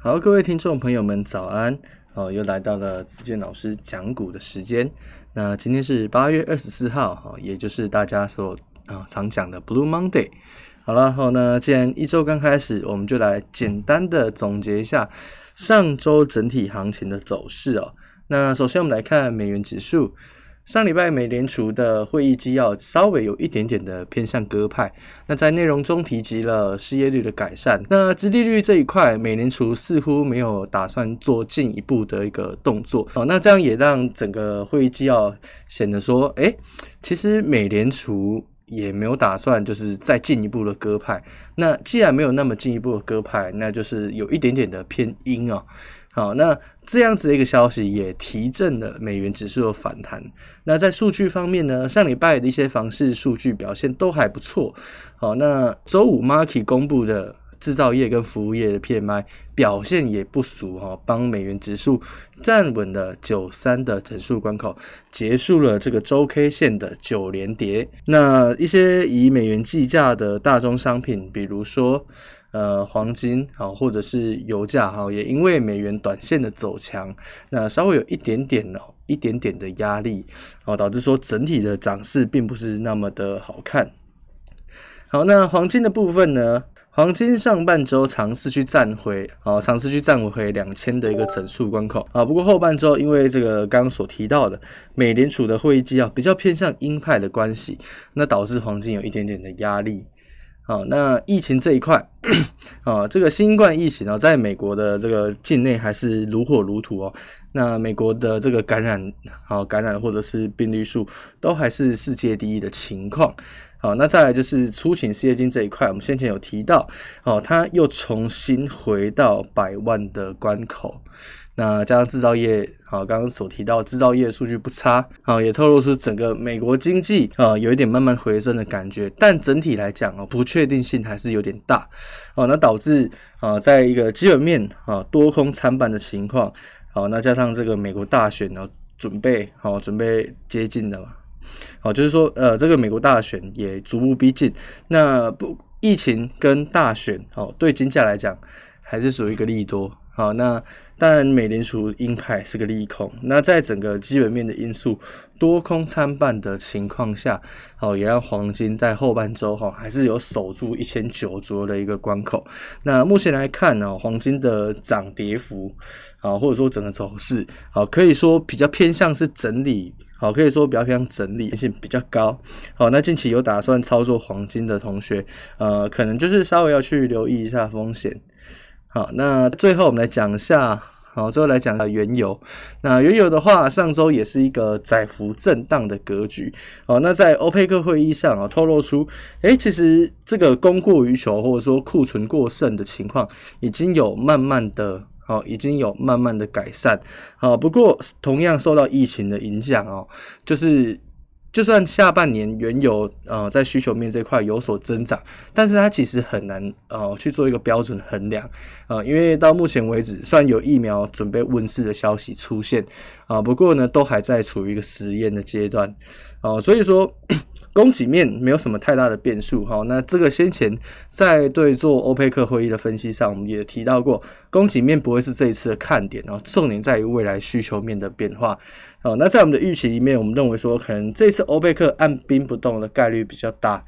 好，各位聽眾朋友們，早安！哦，又來到了子健老師講股的時間。那今天是八月二十四號，哈，也就是大家所啊、哦、常講的 Blue Monday。好了，後、哦、呢，那既然一周剛開始，我們就來簡單的總結一下上周整體行情的走勢哦。那首先我們來看美元指數。上禮拜美聯儲的會議紀要稍微有一點點的偏向鴿派，那在內容中提及了失業率的改善，那殖利率這一塊，美聯儲似乎沒有打算做進一步的一個動作。哦，那這樣也讓整個會議紀要顯得說，哎、欸，其實美聯儲也沒有打算就是再進一步的鴿派。那既然沒有那麼進一步的鴿派，那就是有一點點的偏鷹啊、哦。好，那這樣子的一個消息也提振了美元指數的反彈。那在數據方面呢，上禮拜的一些房市數據表現都還不錯。好，那周五 Markit 公布的製造業跟服務業的 PMI 表現也不俗哦，幫美元指數站穩了九三的整數關口，結束了這個周 K 線的九連跌。那一些以美元計價的大宗商品，比如說呃黃金啊，或者是油價哈，也因為美元短線的走強，那稍微有一點點哦，一點點的壓力哦，導致說整體的漲勢並不是那麼的好看。好，那黃金的部分呢？黃金上半周嘗試去站回，啊、哦，嘗試去站回兩千的一個整數關口啊。不過後半周因為這個剛剛所提到的美聯儲的會議紀要啊，比較偏向鷹派的關係，那導致黃金有一點點的壓力。啊，那疫情這一塊， 啊，這個新冠疫情啊，在美國的這個境內還是如火如荼哦。那美國的這個感染，啊，感染或者是病例數都還是世界第一的情況。好，那再來就是初請失業金這一塊，我們先前有提到，哦，它又重新回到百萬的關口，那加上製造業，好、哦，剛剛所提到製造業數據不差，啊、哦，也透露出整個美國經濟啊、哦、有一點慢慢回升的感覺，但整體來講哦，不確定性還是有點大，哦，那導致啊、哦，在一個基本面啊、哦、多空參半的情況，好、哦，那加上這個美國大選呢、哦，準備好、哦、準備接近了嘛。好，就是說，呃，這個美國大選也逐步逼近，那不疫情跟大選，哦，對金價來講還是屬於一個利多。好、哦，那當然美聯儲鷹派是個利空。那在整個基本面的因素多空參半的情況下，好、哦，也讓黃金在後半周哈、哦、還是有守住一千九左右的一個關口。那目前來看呢、哦，黃金的漲跌幅啊、哦，或者說整個走勢，好、哦，可以說比較偏向是整理。好，可以說比較非常整理性比較高。好，那近期有打算操作黃金的同學，呃，可能就是稍微要去留意一下風險。好，那最後我們來講一下，好，最後來講一下原油。那原油的話，上周也是一個窄幅震盪的格局。好，那在歐佩克會議上啊、哦，透露出，哎，其實這個供過於求或者說庫存過剩的情況，已經有慢慢的。好，已經有慢慢的改善。好，不過同樣受到疫情的影響哦，就是。就算下半年原油呃在需求面這塊有所增長，但是它其實很難呃去做一個標準衡量，呃，因為到目前為止，雖然有疫苗準備問世的消息出現啊、呃，不過呢都還在處於一個實驗的階段啊、呃，所以說 供給面沒有什麼太大的變數哈、哦。那這個先前在對做歐佩克會議的分析上，我們也提到過，供給面不會是這一次的看點，然後重點在於未來需求面的變化、哦。那在我們的預期裡面，我們認為說可能這次。這歐佩克按兵不動的概率比較大，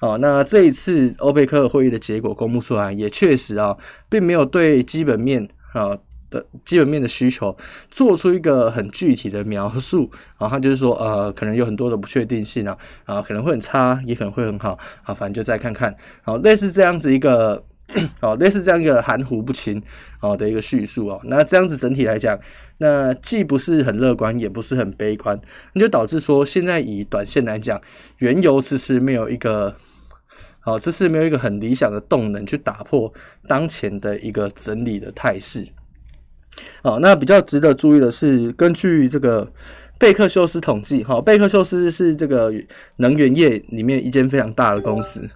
哦，那這一次歐佩克會議的結果公布出來，也確實啊，並沒有對基本面啊的、呃、基本面的需求做出一個很具體的描述，啊，他就是說呃，可能有很多的不確定性啊，啊，可能會很差，也可能會很好，啊，反正就再看看，好、啊，類似這樣子一個。好、 哦，類似這樣一個含糊不清哦的一個敘述哦，那這樣子整體來講，那既不是很樂觀，也不是很悲觀，那就導致說現在以短線來講，原油遲遲沒有一個，好、哦，遲遲沒有一個很理想的動能去打破當前的一個整理的態勢。好、哦，那比較值得注意的是，根據這個貝克休斯統計，哈、哦，貝克休斯是這個能源業裡面一間非常大的公司。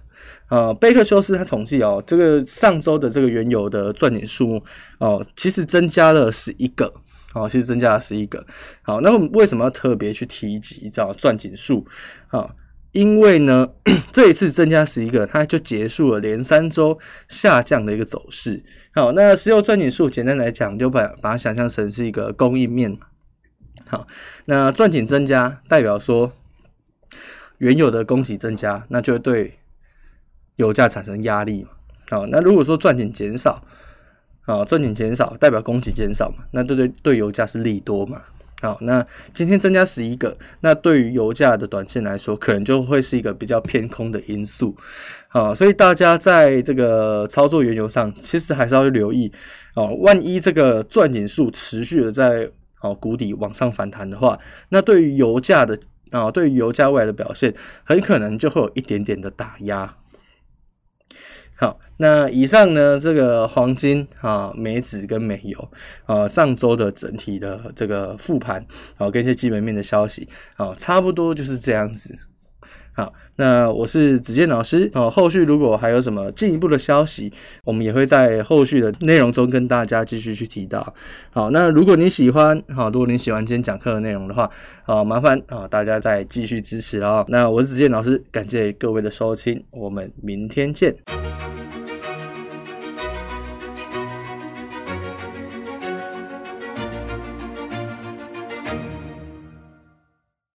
呃，貝、哦、克休斯他統計哦，這個上周的這個原油的鑽井數哦，其實增加了十一個，好、哦，其實增加了十一個。好，那為什麼要特別去提及這鑽井數？好、哦，因為呢， 這一次增加十一個，它就結束了連三周下降的一個走勢。好，那石油鑽井數簡單來講，就把把它想象成是一個供應面。好，那鑽井增加代表說，原油的供給增加，那就對。油價產生壓力嘛？好，那如果說鑽井減少，啊，鑽井減少代表供給減少嘛？那對對對，油價是利多嘛？好，那今天增加十一個，那對於油價的短線來說，可能就會是一個比較偏空的因素。好，所以大家在這個操作原油上，其實還是要留意。哦，萬一這個鑽井數持續的在哦谷底往上反彈的話，那對於油價的啊、哦，對於油價未來的表現，很可能就會有一點點的打壓。好，那以上呢，這個黃金啊、美指跟美油啊，上周的整體的這個復盤，啊，跟一些基本面的消息啊，差不多就是這樣子。好，那我是子健老師哦啊。後續如果還有什麼進一步的消息，我們也會在後續的內容中跟大家繼續去提到。好，那如果你喜歡，好啊，如果你喜歡今天講課的內容的話，啊，麻煩啊大家再繼續支持啊。那我是子健老師，感謝各位的收聽，我們明天見。